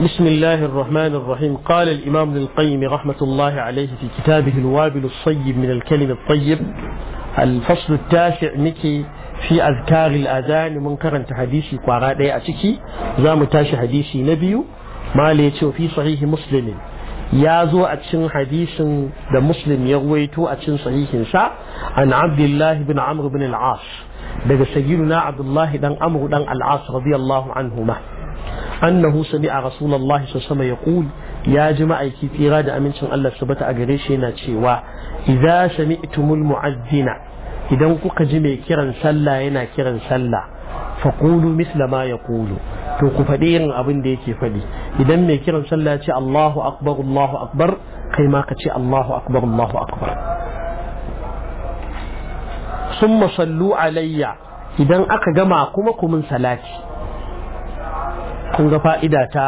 بسم الله الرحمن الرحيم قال الإمام ابن القيم رحمة الله عليه في كتابه الوابل الصيب من الكلم الطيب الفصل التاسع نكي في أذكار الأذان من كرنت حديثي قراءة أتكي زام تاشي حديثي نبي ما ليتو في صحيح مسلم ya zo a cikin hadisin da muslim ya ruwaito a cikin sahihinsa an abdullahi bin amr bin al-as daga sayyiduna abdullahi dan amr dan al-as radiyallahu anhuma annahu sami'a rasulullahi sallallahu alaihi wasallam ya ji ma'aiki tsira da amincin Allah subhanahu a gare shi yana cewa idza sami'tumul idan kuka ji mai kiran sallah yana kiran sallah faƙulu misla ma yaqulu to ku faɗi irin abin da yake faɗi idan mai kiran sallah ya ce Allahu akbar Allahu akbar kai ma kace ce Allahu akbar Allahu akbar summa sallu alayya idan aka gama kuma kumin salati kun ga fa'ida ta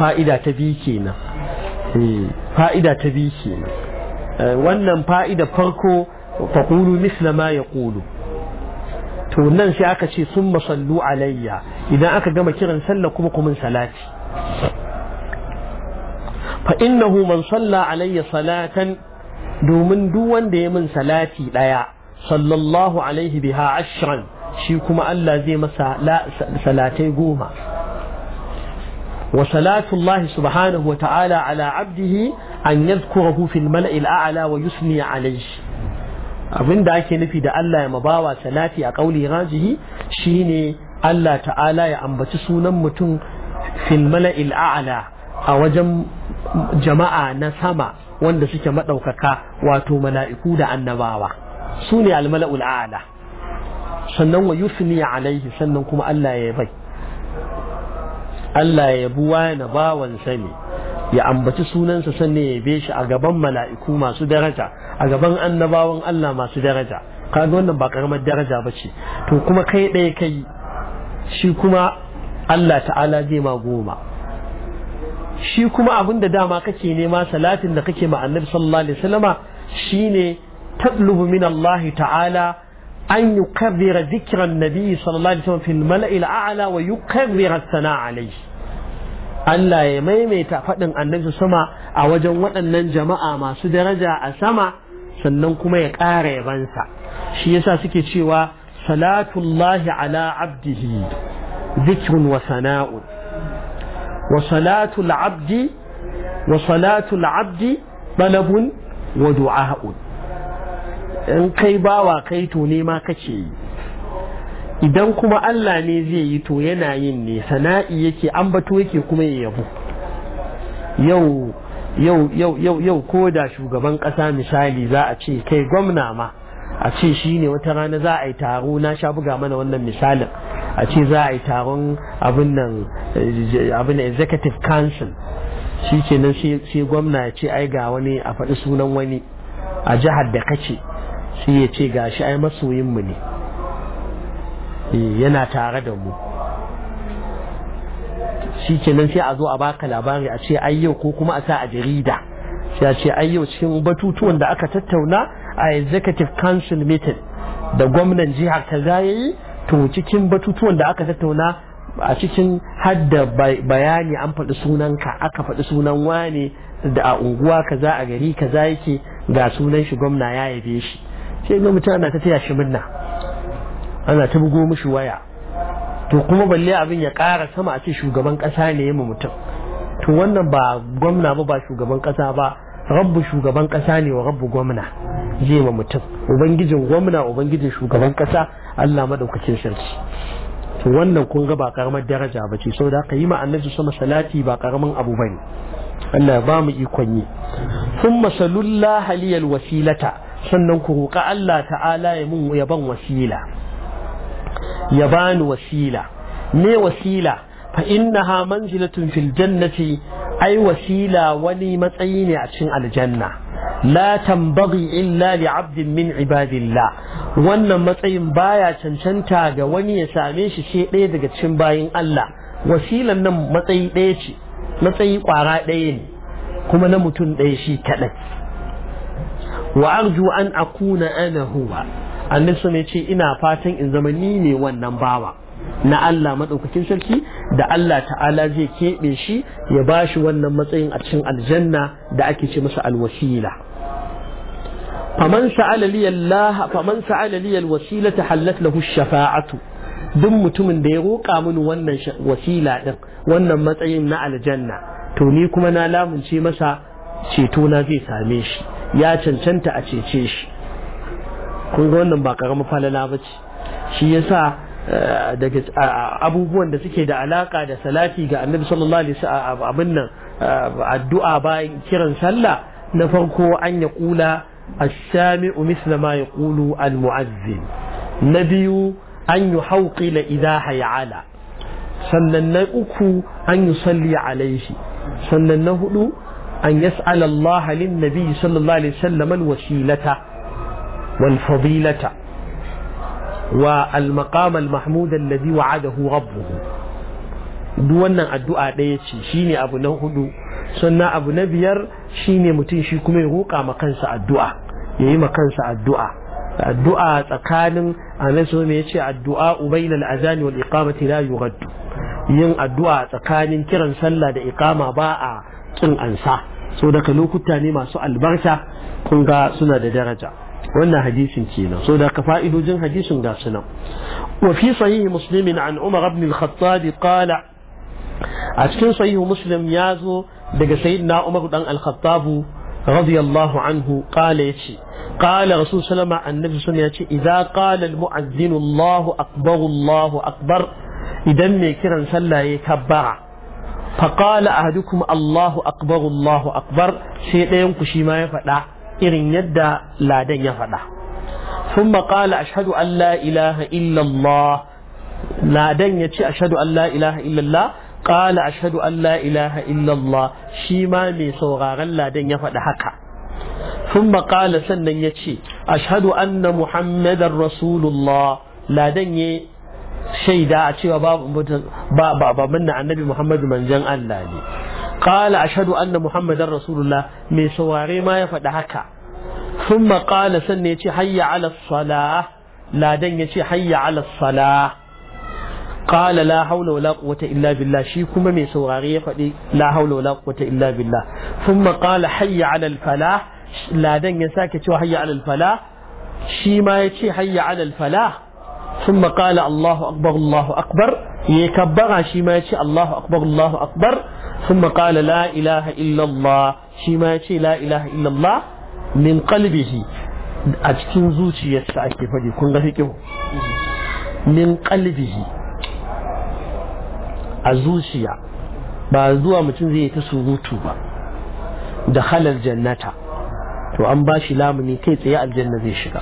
fa'ida ta biyu kenan eh, fa'ida ta biyu kenan eh, wannan fa'ida farko faƙulu misla ma ya ƙulu to nan sai aka ce sun masallu alayya idan aka gama kiran sallah kuma kuma salati fa innahu man salla alayya salatan domin duk wanda ya min salati ɗaya sallallahu alaihi biha ashran shi kuma Allah zai masa salatai goma وصلاة الله سبحانه وتعالى على عبده أن يذكره في الملأ الأعلى ويثني عليه abin da ake nufi da Allah ya mabawa salati a ƙauli rajihi shine Allah ta'ala ya ambaci sunan mutum fil mala'il a'la a wajen jama'a na sama wanda suke maɗaukaka wato mala'iku da annabawa su ne al mala'ul a'la sannan wa yusni alaihi sannan kuma Allah ya bai Allah ya yabi wani bawan ne ya ambaci sunansa sane ya yabe shi a gaban mala'iku masu daraja a gaban annabawan Allah masu daraja kaga wannan ba karamar daraja ba ce to kuma kai ɗaya kai shi kuma Allah ta'ala zai ma goma shi kuma abin da dama kake nema salatin da kake ma annabi sallallahu alaihi wasallama shine tatlubu min Allah ta'ala أن يكرر ذكر النبي صلى الله عليه وسلم في الملأ الأعلى ويكرر الثناء عليه Allah ya maimaita faɗin annabi sama a wajen waɗannan jama'a masu daraja a sama sannan kuma ya ƙara yabansa shi yasa suke cewa salatullahi ala abdihi zikrun wa sana'un wa salatul abdi wa salatul abdi talabun wa du'a'un in kai bawa kai to nema kake yi idan kuma Allah ne zai yi to yana yin ne sana'i yake ambato yake kuma ya yabo yau yau yau yau yau ko da shugaban kasa misali za a ce kai gwamna ma a ce shi ne wata rana za a yi taro na sha buga mana wannan misalin a ce za a yi taron abin nan abin executive council shi ke nan sai gwamna ya ce ai ga wani a faɗi sunan wani a jihar da kace sai ya ce ga yi ai mu ne eh, yana tare da mu shi kenan sai a zo a baka labari a ce ai yau ko kuma a sa a jarida Yace a ce ai yau cikin batutuwan da aka tattauna a executive council meeting da gwamnan jihar ta yayi to cikin batutuwan da aka tattauna a cikin hadda bayani an faɗi sunanka aka faɗi sunan wane da a unguwa ka za a gari ka za yake ga sunan shi gwamna ya yabe shi sai ga mutum ana ta taya shi minna ana ta bugo mishi waya to kuma balle abin ya ƙara sama a ce shugaban ƙasa ne ya mutum to wannan ba gwamna ba ba shugaban ƙasa ba rabbu shugaban ƙasa ne wa rabbu gwamna zai ma mutum ubangijin gwamna ubangijin shugaban ƙasa Allah madaukakin sarki to wannan kun ga ba karamar daraja ba ce saboda haka yi ma annabi sama salati ba karamin abu bane Allah ba mu ikon yi thumma sallallahu liyal wasilata sannan ku roƙa Allah ta'ala ya mun ya ban wasila ya bani wasila me wasila fa innaha manzilatun fil jannati ai wasila wani matsayi ne a cikin aljanna la tambaghi illa li 'abdin min ibadillah wannan matsayin baya cancanta ga wani ya same shi sai ɗaya daga cikin bayin Allah wasilan nan matsayi ɗaya ce matsayi ƙwara ɗaya ne kuma na mutum ɗaya shi kaɗai wa arju an akuna ana huwa annabi ce ina fatan in zama ni ne wannan bawa na Allah maɗaukakin sarki da Allah ta'ala zai keɓe shi ya ba shi wannan matsayin a cikin aljanna da ake ce masa alwasila faman sa'ala li faman sa'ala li tahallat lahu shafa'atu duk mutumin da ya roƙa mini wannan wasila din wannan matsayin na aljanna to ni kuma na lamunce masa ceto na zai same shi ya cancanta a cece shi kun ga wannan ba karamin falala ba ce shi yasa eh, daga abubuwan da suke da alaka da salati ga annabi sallallahu alaihi wasallam abin nan addu'a bayan kiran sallah na farko an ya kula as-sami'u misla ma yaqulu al-mu'azzin na biyu an yi hauƙila idza hayala sannan na uku an yi salli alaihi sannan na hudu أن يسأل الله للنبي صلى الله عليه وسلم الوسيلة والفضيلة والمقام المحمود الذي وعده ربه duk wannan addu'a ɗaya ce shine abu na hudu sannan abu na biyar shine mutum shi kuma ya roƙa ma kansa addu'a ya yi ma kansa addu'a addu'a tsakanin annabi mai yace addu'a ubainal azani wal iqamati la yughaddu yin addu'a tsakanin kiran sallah da iqama ba a kin ansa so daga lokuta ne masu albarka kun ga suna da daraja wannan hadisin kenan so daga fa'idojin hadisin ga sunan wa fi sahihi muslim an umar ibn al-khattab qala a cikin sahihu muslim ya zo daga sayyidina umar dan al-khattab radiyallahu anhu qala yace qala rasul sallama annabi sun yace idza qala al muadhdhin Allahu akbar Allahu akbar idan mai kiran sallah ya kabbara faƙala a hadu kuma Allahu akbar Allahu akbar sai ɗayan ku shi ma ya faɗa irin yadda ladan ya faɗa sun maƙala ashadu an la ilaha illallah ladan ya ce ashadu an la ilaha illallah ƙala ashadu an la ilaha illallah shi ma mai sauraron ladan ya faɗa haka sun maƙala sannan ya ce ashadu anna muhammadan rasulullah ladan ya shaida a cewa ba ba ba annabi muhammadu Manzan Allah ne qala ashhadu anna Muhammadan rasulullah mai saware ma ya faɗi haka thumma qala sannan ce hayya ala salah ladan ce hayya ala salah qala la hawla wala quwwata illa billah shi kuma mai saurare ya faɗi la hawla wala quwwata illa billah thumma qala hayya ala al falah ladan ya sake cewa hayya ala al shi ma yace hayya ala al falah ثم قال الله أكبر الله أكبر يكبر شما الله أكبر الله أكبر ثم قال لا إله إلا الله شما لا إله إلا الله من قلبه أجتن زوجي يستعك فدي كن غفكه من قلبه أزوجي بعضوا متنزي تسوروتو دخل الجنة to an ba shi lamuni kai tsaye aljanna zai shiga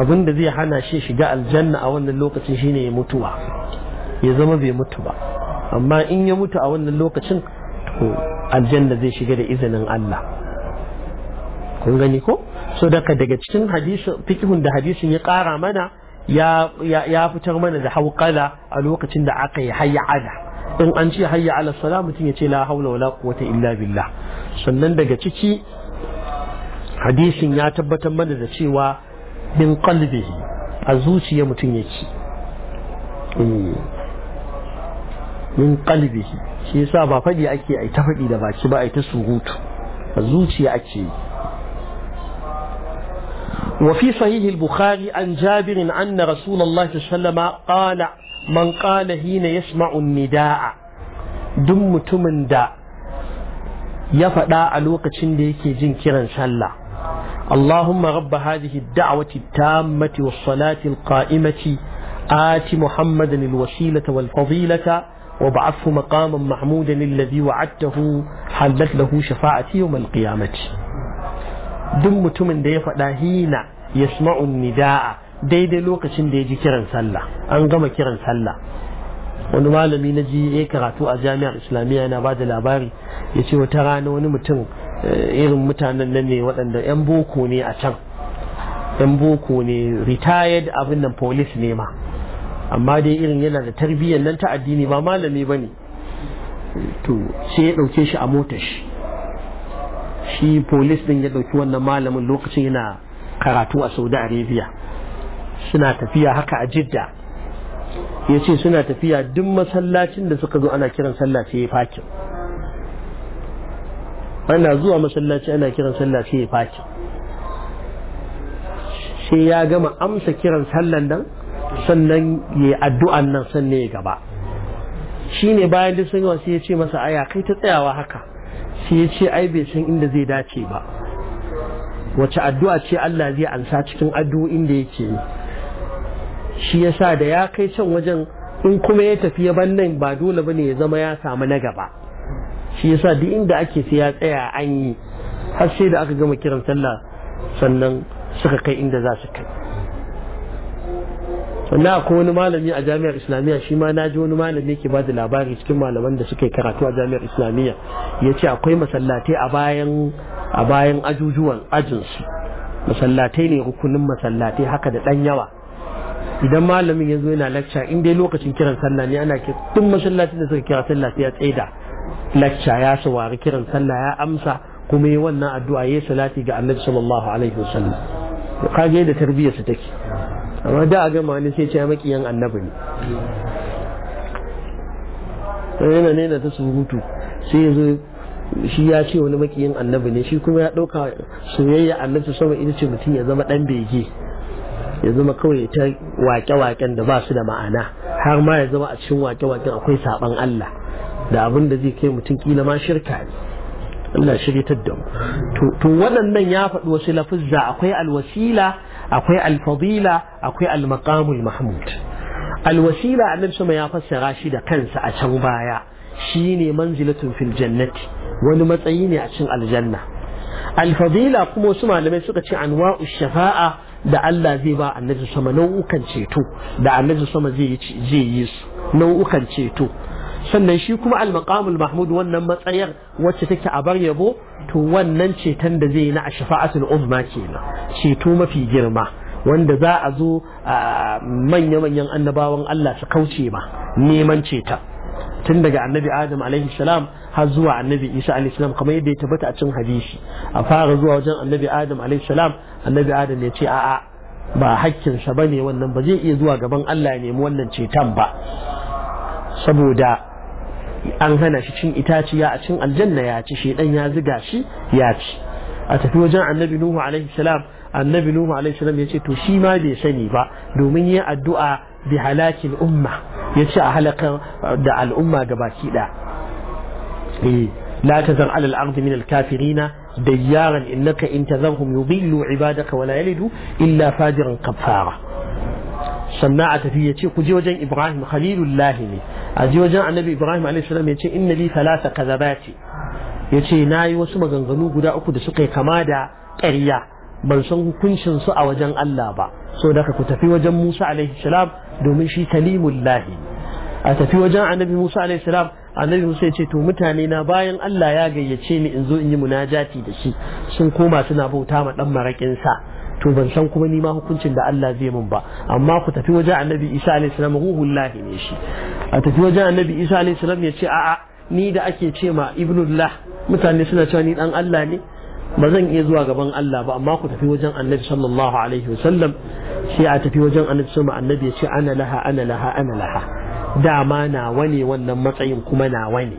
abin da zai hana shi shiga aljanna a wannan lokacin shine ya mutuwa ya zama bai mutu ba amma in ya mutu a wannan lokacin to aljanna zai shiga da izinin Allah kun gani ko so daga daga cikin hadisi fikihun da hadisin ya kara mana ya ya fitar mana da hawqala a lokacin da aka yi hayya in an ce hayya ala salam mutum ya ce la haula wala quwwata illa billah sannan daga ciki hadisin ya tabbatar mana da cewa min qalbihi a zuciya mutum yake hmm. min qalbihi shi yasa ba faɗi ake a ta faɗi da baki ba ai ta surutu a zuciya ake yi وفي صحيح البخاري عن جابر أن رسول الله صلى الله عليه وسلم قال من قال حين يسمع النداء دم تمن دا يفدا a lokacin da yake jin kiran sallah اللهم رب هذه الدعوة التامة والصلاة القائمة آت محمدا الوسيلة والفضيلة وابعثه مقاما محمودا الذي وعدته حلت له شفاعتي يوم القيامة دمت من ديفة هنا يسمع النداء دي دي لوك دي جي كيران سلا أنقم كيران سلا ونمال من إيكا غاتو أجامع الإسلامية أنا بعد الأباري يسي وتغانو نمتن Eh, irin mutanen nan ne waɗanda 'yan boko ne a can 'yan boko ne retired abin nan police ne ma amma dai irin yana da tarbiyyar nan ta addini ba malami ba ne to sai ya ɗauke shi a motar shi shi police ɗin ya ɗauki wannan malamin lokacin yana karatu a saudi arabia suna tafiya haka a jidda ya ce suna tafiya duk masallacin da suka zo ana kiran sallah sai ya fakin ana zuwa masallaci ana kiran sallah sai ya faki sai ya gama amsa kiran sallan nan sannan ya addu'an nan sannan ya gaba shine bayan duk sun sai ya ce masa aya kai ta tsayawa haka sai ya ce ai bai san inda zai dace ba wace addu'a ce Allah zai ansa cikin addu'o'in da yake yi shi yasa da ya kai can wajen in kuma ya tafi ya ban nan ba dole bane ya zama ya samu na gaba shi yasa duk inda ake sai ya tsaya an yi har sai da aka gama kiran sallah sannan suka kai inda za su kai sannan akwai wani malami a jami'ar islamiyya shi ma na ji wani malami yake ba da labari cikin malaman da suka yi karatu a jami'ar islamiyya ya ce akwai masallatai a bayan a bayan ajujuwan ajinsu masallatai ne rukunin masallatai haka da ɗan yawa idan malamin ya zo yana lakca in dai lokacin kiran sallah ne ana ke tun masallaci da suka kira sallah sai ya tsaida lacca ya saurari kiran sallah ya amsa kuma yi wannan addu'a ya salati ga annabi sallallahu alaihi wasallam kage da tarbiyya su take amma da a gama ne sai ce makiyan annabi ne sai yana ne ta surutu sai ya shi ya ce wani makiyin annabi ne shi kuma ya ɗauka soyayya annabi sama ita ce mutum ya zama ɗan bege ya zama kawai ta wake-waken da ba su da ma'ana har ma ya zama a cikin wake-waken akwai saɓan Allah da abin da zai kai mutum kila ma shirka ne Allah shirye ta da mu to wadannan ya faɗi wasu lafuzza akwai alwasila akwai alfadila akwai almaqamul mahmud alwasila annabi sama ya fassara shi da kansa a can baya shine manzilatun fil jannati wani matsayi ne a cikin aljanna alfadila kuma wasu malamai suka ce anwa'u shafa'a da Allah zai ba annabi sama nau'ukan ceto da annabi sama zai yi zai yi nau'ukan ceto sannan shi kuma al-maqamul mahmud wannan matsayar wacce take a bar yabo to wannan ceton da zai na a shafa'atul umma kenan ceto mafi girma wanda za a zo a manya-manyan annabawan Allah su kauce ma neman ceta tun daga annabi adam alaihi salam har zuwa annabi isa alaihi salam kamar yadda ya tabbata a cin hadisi a fara zuwa wajen annabi adam alaihi salam annabi adam ya ce a'a ba hakkinsa ba ne wannan ba zai iya zuwa gaban Allah ya nemi wannan ceton ba saboda an hana shi cin itaciya a cin aljanna ya ci shedan ya ziga shi ya ci a tafi wajen annabi nuhu alaihi salam annabi nuhu alaihi salam ya ce to shi ma bai sani ba domin yin addu'a bi halakin umma ya ce a halakar da al'umma gabaki da eh la tazar alal ardi min al kafirina ديارا إنك إن تذرهم يضلوا عبادك ولا يلدوا إلا فاجرا كفارا sannan a tafi ya ce ku je wajen ibrahim khalilullahi ne a je wajen annabi ibrahim alaihissalam ya ce inna li salasa kazabati ya ce na yi wasu maganganu guda uku da suka yi kama da ƙarya ban san hukuncin su a wajen Allah ba so daga ku tafi wajen Musa alaihi domin shi kalimullahi a tafi wajen annabi Musa alaihi annabi Musa ya ce to mutane na bayan Allah ya gayyace ni in zo in yi munajati da shi sun koma suna bauta ma dan marakin sa to ban san kuma ni ma hukuncin da Allah zai mun ba amma ku tafi wajen annabi Isa alayhi salam ruhul lahi ne shi a tafi wajen annabi Isa alayhi salam ya ce a'a ni da ake ce ma ibnullah mutane suna cewa ni dan Allah ne ba zan iya zuwa gaban Allah ba amma ku tafi wajen annabi sallallahu alaihi wasallam sai a tafi wajen annabi sama annabi ya ce ana laha ana laha ana laha dama nawa ne wannan matsayin kuma nawa ne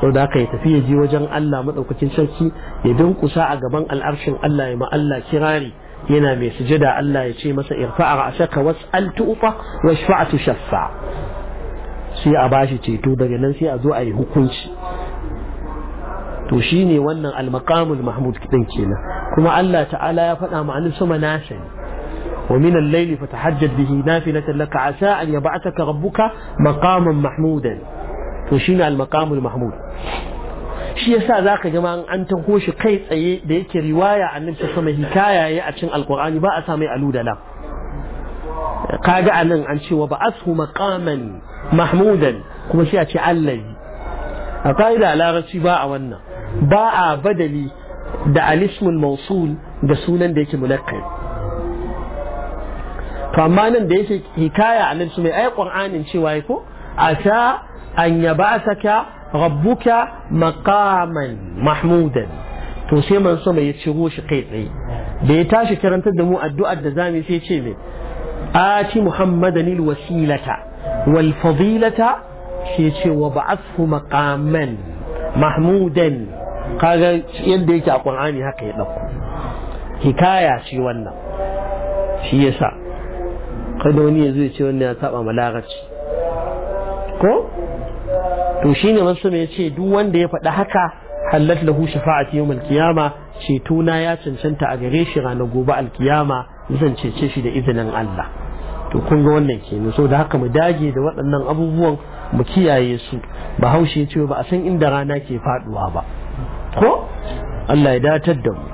sau da ya tafi ya je wajen Allah maɗaukacin sarki ya dunkusa a gaban al'arshin Allah ya ma Allah kirari yana mai sujada Allah ya ce masa irfa'a ra'saka wa tu'fa washfa'atu shafa. sai a bashi ceto daga nan sai a zo a yi hukunci to ne wannan al-maqamul mahmud din kenan kuma Allah ta'ala ya faɗa ma annabi sama nasa ومن الليل فتحجد به نافلة لك عسى أن يبعثك ربك مقاما محمودا to shine al mahmud shi yasa zaka ga ma an taho shi kai tsaye da yake riwaya annabi sama hikaya yayi a cikin alqur'ani ba a sa mai aluda la kaga an ce wa ba'athu maqaman mahmudan kuma shi a ce allazi a ka'ida larabci ba a wannan ba a badali da alismul mausul da sunan da yake munakkar to amma nan da yake hikaya a su mai ayi qur'anin cewa ko ata an yab'athaka rabbuka maqaman mahmudan to sai man sama ya ciro shi kai tsaye da ya tashi karantar da mu addu'ar da zamu sai ce me ati muhammadan wasilata wal fadilata sai ce wa ba'athu maqaman mahmudan kaga yadda yake a qur'ani haka ya dauko hikaya ce wannan shi yasa kada wani ya zo ya ce wannan ya saba malagaci ko to shi shine masu ya ce duk wanda ya faɗi haka hallat lahu shafa'ati yawmal qiyama ceto na ya cancanta a gare shi ranar gobe alkiyama zan cece shi da izinin Allah to kun ga wannan kenan so da haka mu dage da waɗannan abubuwan mu kiyaye su bahaushe ya ce ba a san inda rana ke faɗuwa ba ko Allah ya datar da mu